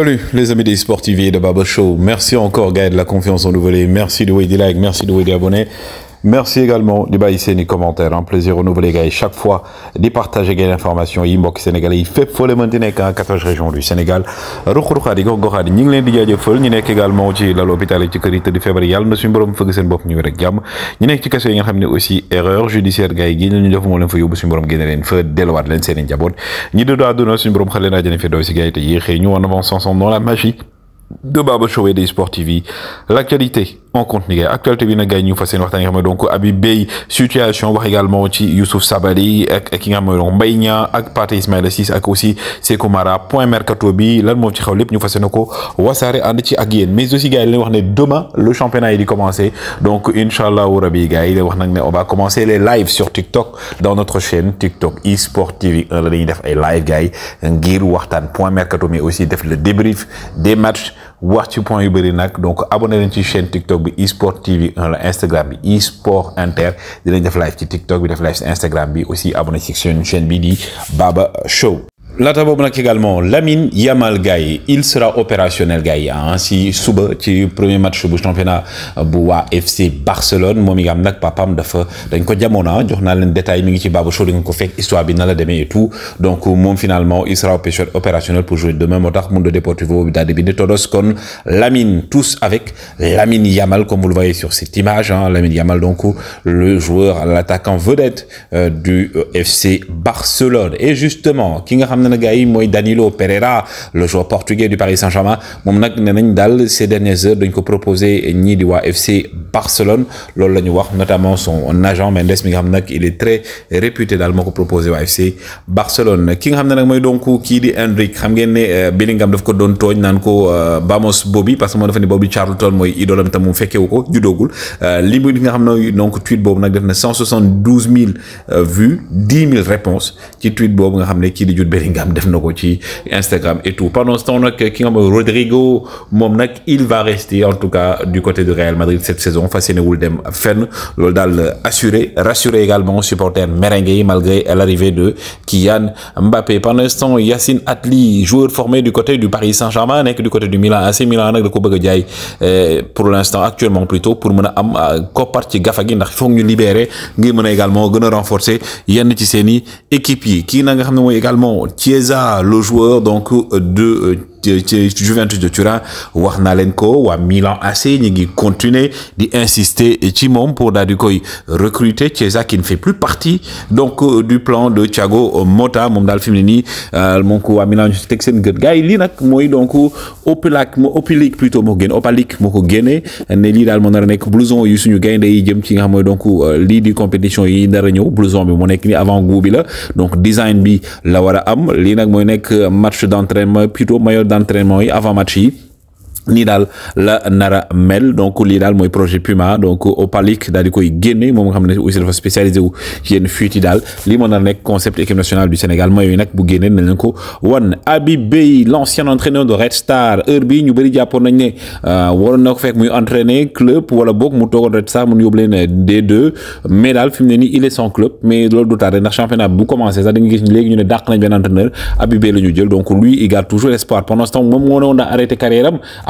Salut les amis des sportiviers de Baba Show. Merci encore Gaël de la confiance en voler. Merci de à liker, merci de à abonner. Merci également de baisser les commentaires. Un hein. plaisir renouvelé, les gars. Et chaque fois, des partager l'information. Inbox sénégalais. Il fait folle maintenir qu'en 14 régions du Sénégal. Roukhoukhadi, Gokhadi, ñu ngi leen di jaajëfal. Ñu nekk également ci lal hôpital ci kër yi tëdd feebar yàlla na suñu borom fëgg seen bopp ñu rek jàmm. ñu nekk ci kaso yi nga xam aussi erreur judiciaire gars yi gi ñu def moo leen fa yóbbu suñu borom génne leen fa delluwaat leen seen i njaboot. ñi dëddu àdduna suñu borom xale naa jëne fi daw si gars yi te yéexee ñu en avance ensemble dans la magie de Baba Show et des Sport TV. L'actualité on continue actualité bi nag gars yi ñu fas donc abibey situation wax également ci Youssouf Sabali, ak ki nga donc ak Pathé Ismaïla aussi Sékou point mercato bi lan moo ci xew Nous ñu fas yéene ko wasaare ànd ci ak mais aussi gars yi demain le championnat il di commencer donc inshallah, allahu rabi on va commencer les lives sur TikTok dans notre chaîne TikTok eSport TV Un def ay live gars yi ngir waxtaan point mercato mais aussi le débrief des matchs wax ci point yu bëri nag donc abonné leen ci chaîne TikTok bi eSport TV 1 la Instagram bi eSport Inter dinañ def live ci TikTok bi def live ci Instagram bi aussi abonné ci chaîne chaîne bi di Baba Show laata boobu également Lamine Yamal Gaye il sera opérationnel Gaye hein. ah si est ci premier match du championnat pour FC Barcelone moom i nga papa nag papaam dafa dañ ko jamono ah, jox détail mi ngi ci baabu show ko histoire bi la demain et tout donc moom finalement il sera opérationnel pour jouer demain moo monde Mundo Deportivo bi daal di todos kon Lamine tous avec Lamine Yamal comme vous le voyez sur cette image Hein? Lamine Yamal donc le joueur l'attaquant vedette euh, du euh, FC Barcelone et justement ki xam na Danilo Pereira le joueur portugais du Paris Saint-Germain Mom nak ne nañ ces dernières heures dañ ko proposé ni di FC Barcelone loolu lañu wax notamment son agent Mendes mi nga xam il est très réputé dal moo proposer proposé FC Barcelone ki nga xam nak moy donc kii di Endrick xam ngeen ne euh, Bellingham daf ko don togn nan ko bamos euh, Bobby parce que mo dafa ne Bobby Charlton moy idoolam tam mu fekkewu ko judogul. Euh, li mu nga xam ne donc tweet bob nak def na 172000 vues dix mille réponses ci tweet bob nga xam ne di Jud Instagram et tout pendant ce temps Rodrigo il va rester en tout cas du côté du Real Madrid cette saison facile fenn assuré rassuré également supporter merengue malgré l'arrivée de Kylian Mbappé pendant ce temps Yacine Atli joueur formé du côté du Paris Saint-Germain et du côté du Milan AC Milan nak ko eh, pour l'instant actuellement plutôt pour le am ah, koppar ci gafa gi ndax libérer ngir également renforcer yenn ci équipier. qui équipe également Chiesa, le joueur donc euh, de euh, je Juventus de Turin Warnalenko Milan AC ñi ngi continuer di insister ci pour da di koy recruter Chiesa qui ne fait plus partie donc euh, du plan de Thiago Mota. Mondal Fimini, fi ni mon ko wa Milan teg seen gët gars yi lii nag mooy donc Opelak Opelik plutôt moo ko génne Opalic moo ko ne li dal moo nar a blouson yu suñu gaynde yi jëm ci nga moy donc euh, li di compétition yi dara a blouson bi mo nek ni avant goût la donc design bi la wara am li nak moy nek euh, match d'entraînement plutôt maillot Dan Tremoy, Avamachi, nidal la nara mel donc lii daal mooy projet Puma donc Opalic daal di koy mom xamné nga xam ne aussi dafa spécialisé yenn fuite yi daal lii concept équipe nationale du Sénégal moy nak bu génne nañ ko won Habib l'ancien entraîneur de Red Star heure bi ñu bari jàppoon nañ né euh, waron na fek muy entraîner club wala bok mu togo Red Star mun yoblé né D2 mais dal fimné ni il est sans club mais loolu du tardé ndax championnat bu commencé sax da nga gis léegi ñu né dàq nañ benn entraîneur Habib Beye la jël donc lui il garde toujours espoir pendant ce temps moom moo ne arrêté carrière am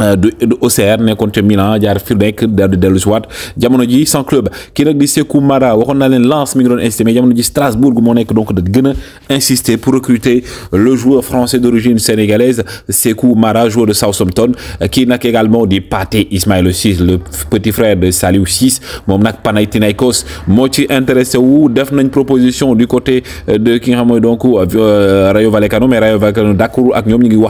Euh, de OCR ne compte Milan jaar fi de daal di dellu si jamono ji sans club qui est di Sécoumara. Mara waxon na len Lens mi ngi y insister mais jamono ji Strasbourg mo nek donc de insister pour recruter le joueur français d'origine sénégalaise Sekou Mara joueur de Southampton qui nak également di Pathé Ismail 6 le petit frère de Salou 6 mom nak Panathinaikos mo ci intéressé wu def nañ proposition du côté euh, de ki nga xam donc euh, Rayo Vallecano mais Rayo Vallecano d'accord ak ñom ñi ngi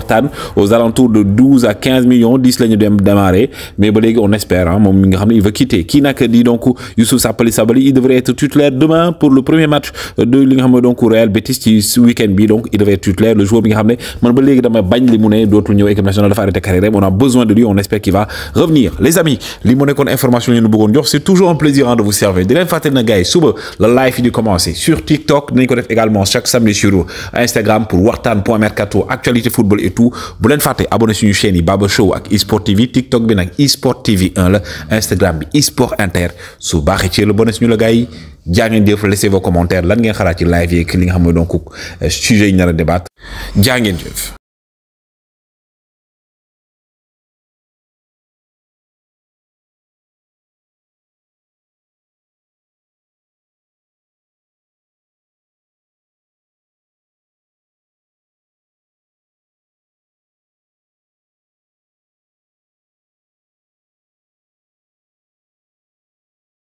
aux alentours de 12 à 15 millions saison dix de dem démarrer mais ba on espère Mon hein, mom nga il va quitter qui que dit donc Youssouf Sabaly Sabali il devrait être titulaire demain pour le premier match de li nga xamné donc Real Betis ce week-end bi donc il devrait être titulaire le joueur bi nga xamné man ba légui dama bagn li équipe nationale carrière on a besoin de lui on espère qu'il va revenir les amis li mu kon information ñu jox c'est toujours un plaisir hein, de vous servir di leen na gars suba la live il est commencer sur TikTok nañ ko def également chaque samedi sur Instagram pour Wartan.mercato actualité football et tout bu abonnez-vous abonné suñu chaîne Baba Show ak eSport TV TikTok bi e eSport TV 1 Instagram bi eSport Inter sous baxé ci bonus nous ñu la gay yi laissez vos commentaires lan ngeen xala ci live yeeg li nga xam euh, sujet yi débat a